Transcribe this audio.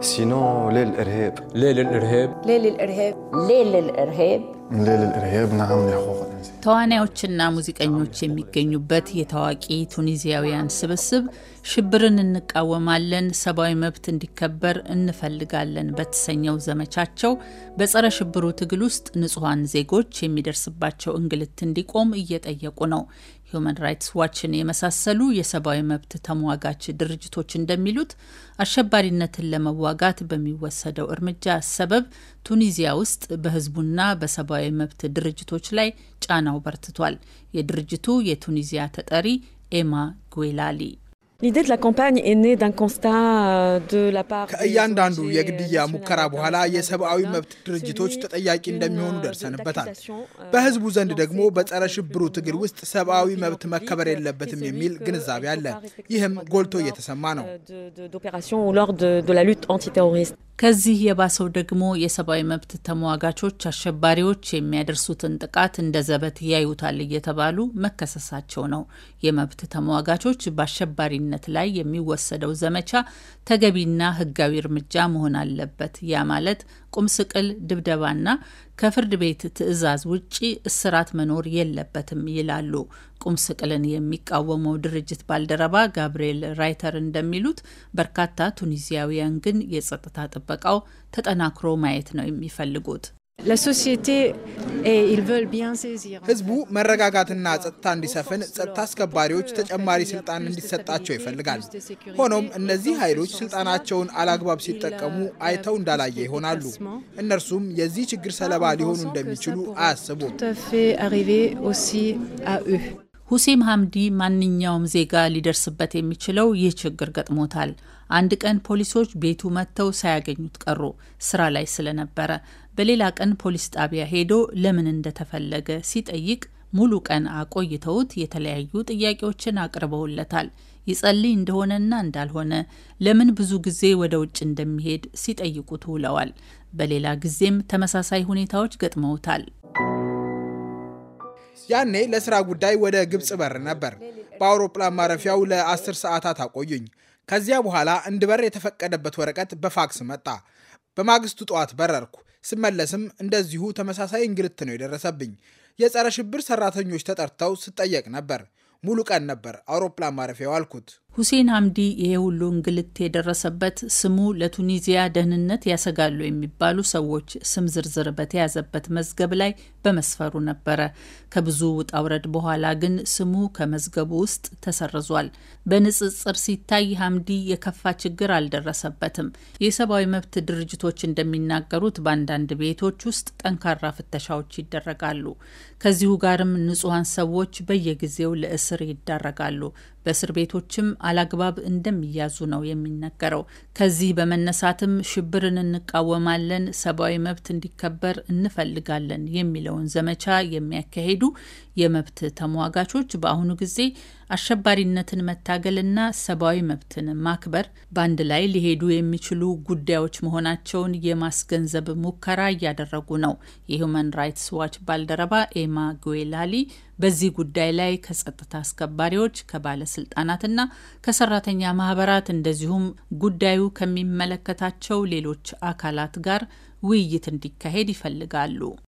سينو لا للارهاب لا للارهاب لا للارهاب لا للارهاب ተዋናዮችና ሙዚቀኞች የሚገኙበት የታዋቂ ቱኒዚያውያን ስብስብ ሽብርን እንቃወማለን፣ ሰብአዊ መብት እንዲከበር እንፈልጋለን በተሰኘው ዘመቻቸው በጸረ ሽብሩ ትግል ውስጥ ንጹሐን ዜጎች የሚደርስባቸው እንግልት እንዲቆም እየጠየቁ ነው። ሁማን ራይትስ ዋችን የመሳሰሉ የሰብአዊ መብት ተሟጋች ድርጅቶች እንደሚሉት አሸባሪነትን ለመዋጋት በሚወሰደው እርምጃ ሰበብ ቱኒዚያ ውስጥ በህዝቡና በሰብ የሰብአዊ መብት ድርጅቶች ላይ ጫናው በርትቷል። የድርጅቱ የቱኒዚያ ተጠሪ ኤማ ጉላሊ ከእያንዳንዱ የግድያ ሙከራ በኋላ የሰብአዊ መብት ድርጅቶች ተጠያቂ እንደሚሆኑ ደርሰንበታል። euh, በህዝቡ ዘንድ ደግሞ በጸረ ሽብሩ ትግል ውስጥ ሰብአዊ መብት መከበር የለበትም የሚል ግንዛቤ አለ። ይህም ጎልቶ እየተሰማ ነው። euh, ከዚህ የባሰው ደግሞ የሰብአዊ መብት ተሟጋቾች አሸባሪዎች የሚያደርሱትን ጥቃት እንደ ዘበት ያዩታል እየተባሉ መከሰሳቸው ነው። የመብት ተሟጋቾች በአሸባሪነት ላይ የሚወሰደው ዘመቻ ተገቢና ሕጋዊ እርምጃ መሆን አለበት። ያ ማለት ቁምስቅል፣ ድብደባና ከፍርድ ቤት ትዕዛዝ ውጪ እስራት መኖር የለበትም ይላሉ። ቁምስቅልን የሚቃወመው ድርጅት ባልደረባ ጋብርኤል ራይተር እንደሚሉት በርካታ ቱኒዚያውያን ግን የጸጥታ ጥበቃው ተጠናክሮ ማየት ነው የሚፈልጉት። Eh, ህዝቡ መረጋጋትና ጸጥታ እንዲሰፍን ጸጥታ አስከባሪዎች ተጨማሪ ስልጣን እንዲሰጣቸው ይፈልጋል። ሆኖም እነዚህ ኃይሎች ስልጣናቸውን አላግባብ ሲጠቀሙ አይተው እንዳላየ ይሆናሉ። እነርሱም የዚህ ችግር ሰለባ ሊሆኑ እንደሚችሉ አያስቡም። ሁሴም ሀምዲ ማንኛውም ዜጋ ሊደርስበት የሚችለው ይህ ችግር ገጥሞታል። አንድ ቀን ፖሊሶች ቤቱ መጥተው ሳያገኙት ቀሩ፣ ስራ ላይ ስለነበረ። በሌላ ቀን ፖሊስ ጣቢያ ሄዶ ለምን እንደተፈለገ ሲጠይቅ ሙሉ ቀን አቆይተውት የተለያዩ ጥያቄዎችን አቅርበውለታል። ይጸልይ እንደሆነና እንዳልሆነ፣ ለምን ብዙ ጊዜ ወደ ውጭ እንደሚሄድ ሲጠይቁት ውለዋል። በሌላ ጊዜም ተመሳሳይ ሁኔታዎች ገጥመውታል። ያኔ ለስራ ጉዳይ ወደ ግብፅ በር ነበር። በአውሮፕላን ማረፊያው ለአስር ሰዓታት አቆዩኝ። ከዚያ በኋላ እንድበር የተፈቀደበት ወረቀት በፋክስ መጣ። በማግስቱ ጠዋት በረርኩ። ስመለስም እንደዚሁ ተመሳሳይ እንግልት ነው የደረሰብኝ። የጸረ ሽብር ሰራተኞች ተጠርተው ስጠየቅ ነበር። ሙሉ ቀን ነበር አውሮፕላን ማረፊያው አልኩት። ሁሴን ሀምዲ ይሄ ሁሉ እንግልት የደረሰበት ስሙ ለቱኒዚያ ደህንነት ያሰጋሉ የሚባሉ ሰዎች ስም ዝርዝር በተያዘበት መዝገብ ላይ በመስፈሩ ነበረ። ከብዙ ውጣውረድ በኋላ ግን ስሙ ከመዝገቡ ውስጥ ተሰርዟል። በንጽጽር ሲታይ ሀምዲ የከፋ ችግር አልደረሰበትም። የሰብአዊ መብት ድርጅቶች እንደሚናገሩት በአንዳንድ ቤቶች ውስጥ ጠንካራ ፍተሻዎች ይደረጋሉ። ከዚሁ ጋርም ንጹሐን ሰዎች በየጊዜው ለእስር ይዳረጋሉ። በእስር ቤቶችም አላግባብ እንደሚያዙ ነው የሚነገረው። ከዚህ በመነሳትም ሽብርን እንቃወማለን፣ ሰብአዊ መብት እንዲከበር እንፈልጋለን የሚለውን ዘመቻ የሚያካሂዱ የመብት ተሟጋቾች በአሁኑ ጊዜ አሸባሪነትን መታገልና ሰብአዊ መብትን ማክበር በአንድ ላይ ሊሄዱ የሚችሉ ጉዳዮች መሆናቸውን የማስገንዘብ ሙከራ እያደረጉ ነው። የሁማን ራይትስ ዋች ባልደረባ ኤማ ጉዌላሊ በዚህ ጉዳይ ላይ ከጸጥታ አስከባሪዎች፣ ከባለስልጣናትና ከሰራተኛ ማህበራት እንደዚሁም ጉዳዩ ከሚመለከታቸው ሌሎች አካላት ጋር ውይይት እንዲካሄድ ይፈልጋሉ።